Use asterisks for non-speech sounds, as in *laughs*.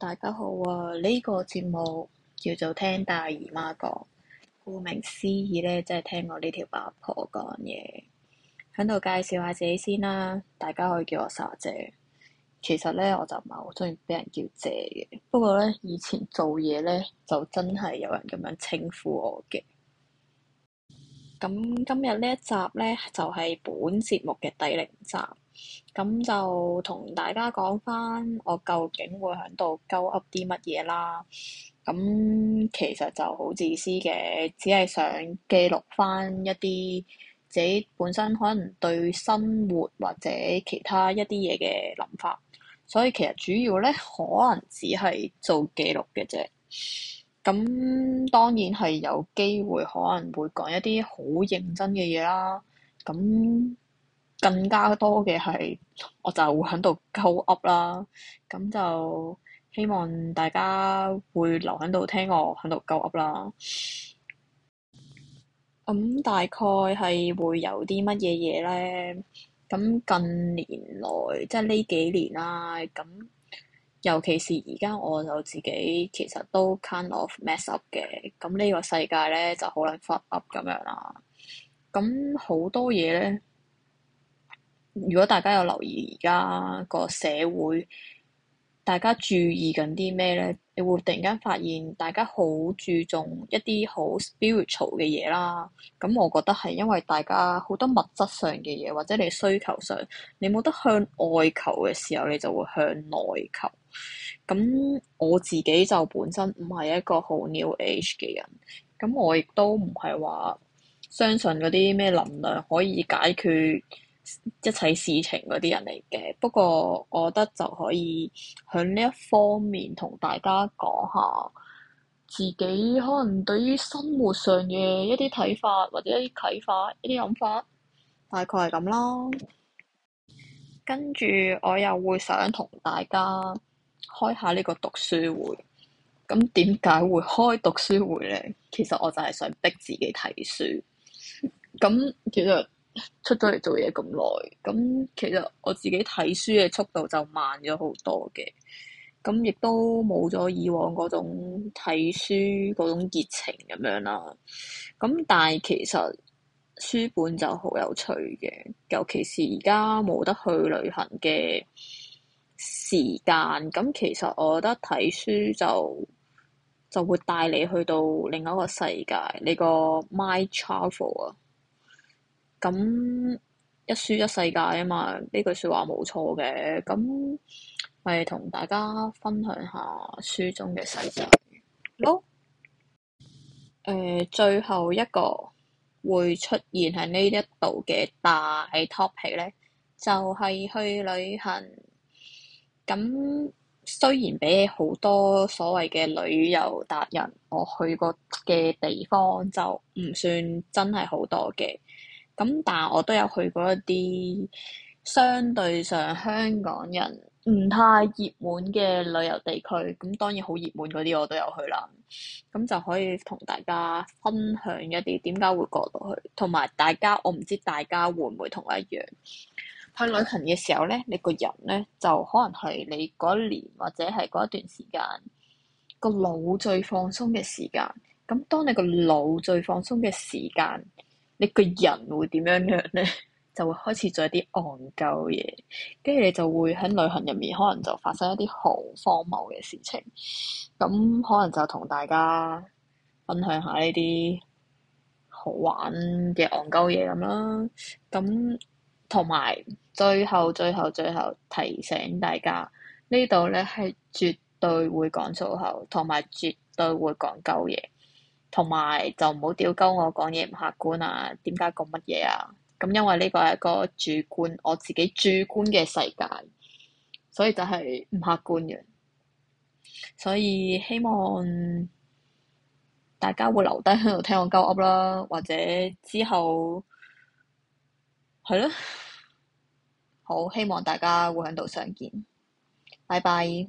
大家好啊！呢個節目叫做聽大姨媽講，顧名思義呢，即係聽我呢條阿婆講嘢。喺度介紹下自己先啦，大家可以叫我沙姐。其實呢，我就唔係好鍾意俾人叫姐嘅，不過呢，以前做嘢呢，就真係有人咁樣稱呼我嘅。咁今日呢一集呢，就係本節目嘅第零集。咁就同大家講翻，我究竟會喺度鳩噏啲乜嘢啦？咁其實就好自私嘅，只係想記錄翻一啲自己本身可能對生活或者其他一啲嘢嘅諗法。所以其實主要咧，可能只係做記錄嘅啫。咁當然係有機會可能會講一啲好認真嘅嘢啦。咁。更加多嘅係，我就喺度鳩噏啦，咁就希望大家會留喺度聽我喺度鳩噏啦。咁大概係會有啲乜嘢嘢咧？咁近年來，即係呢幾年啦、啊，咁尤其是而家，我就自己其實都 kind of messed up 嘅。咁呢個世界咧就好撚 fuck up 咁樣啦。咁好多嘢咧～如果大家有留意而家個社會，大家注意緊啲咩咧？你會突然間發現大家好注重一啲好 spiritual 嘅嘢啦。咁、嗯、我覺得係因為大家好多物質上嘅嘢，或者你需求上，你冇得向外求嘅時候，你就會向內求。咁、嗯、我自己就本身唔係一個好 new age 嘅人，咁、嗯、我亦都唔係話相信嗰啲咩能量可以解決。一切事情嗰啲人嚟嘅，不過我覺得就可以響呢一方面同大家講下自己可能對於生活上嘅一啲睇法或者一啲啟發一啲諗法，大概係咁啦。跟住我又會想同大家開下呢個讀書會，咁點解會開讀書會咧？其實我就係想逼自己睇書，咁其實。出咗嚟做嘢咁耐，咁其實我自己睇書嘅速度就慢咗好多嘅，咁亦都冇咗以往嗰種睇書嗰種熱情咁樣啦。咁但係其實書本就好有趣嘅，尤其是而家冇得去旅行嘅時間，咁其實我覺得睇書就就會帶你去到另一個世界，你個 my travel 啊。咁一書一世界啊嘛，呢句説話冇錯嘅，咁咪同大家分享下書中嘅世界咯。誒、呃，最後一個會出現喺呢一度嘅大 topic 咧，就係、是、去旅行。咁雖然比起好多所謂嘅旅遊達人，我去過嘅地方就唔算真係好多嘅。咁，但我都有去過一啲相對上香港人唔太熱門嘅旅遊地區。咁當然好熱門嗰啲我都有去啦。咁就可以同大家分享一啲點解會過到去，同埋大家我唔知大家會唔會同我一樣。去旅行嘅時候呢，你個人呢，就可能係你嗰一年或者係嗰一段時間個腦最放鬆嘅時間。咁當你個腦最放鬆嘅時間。你個人會點樣樣咧？ *laughs* 就會開始做一啲戇鳩嘢，跟住你就會喺旅行入面可能就發生一啲好荒謬嘅事情，咁可能就同大家分享下呢啲好玩嘅戇鳩嘢咁啦，咁同埋最後最後最後提醒大家，呢度咧係絕對會講粗口，同埋絕對會講鳩嘢。同埋就唔好吊鳩我講嘢唔客觀啊，點解講乜嘢啊？咁因為呢個係一個主觀，我自己主觀嘅世界，所以就係唔客觀嘅。所以希望大家會留低喺度聽我鳩噏啦，或者之後係咯，好希望大家會喺度相見，拜拜。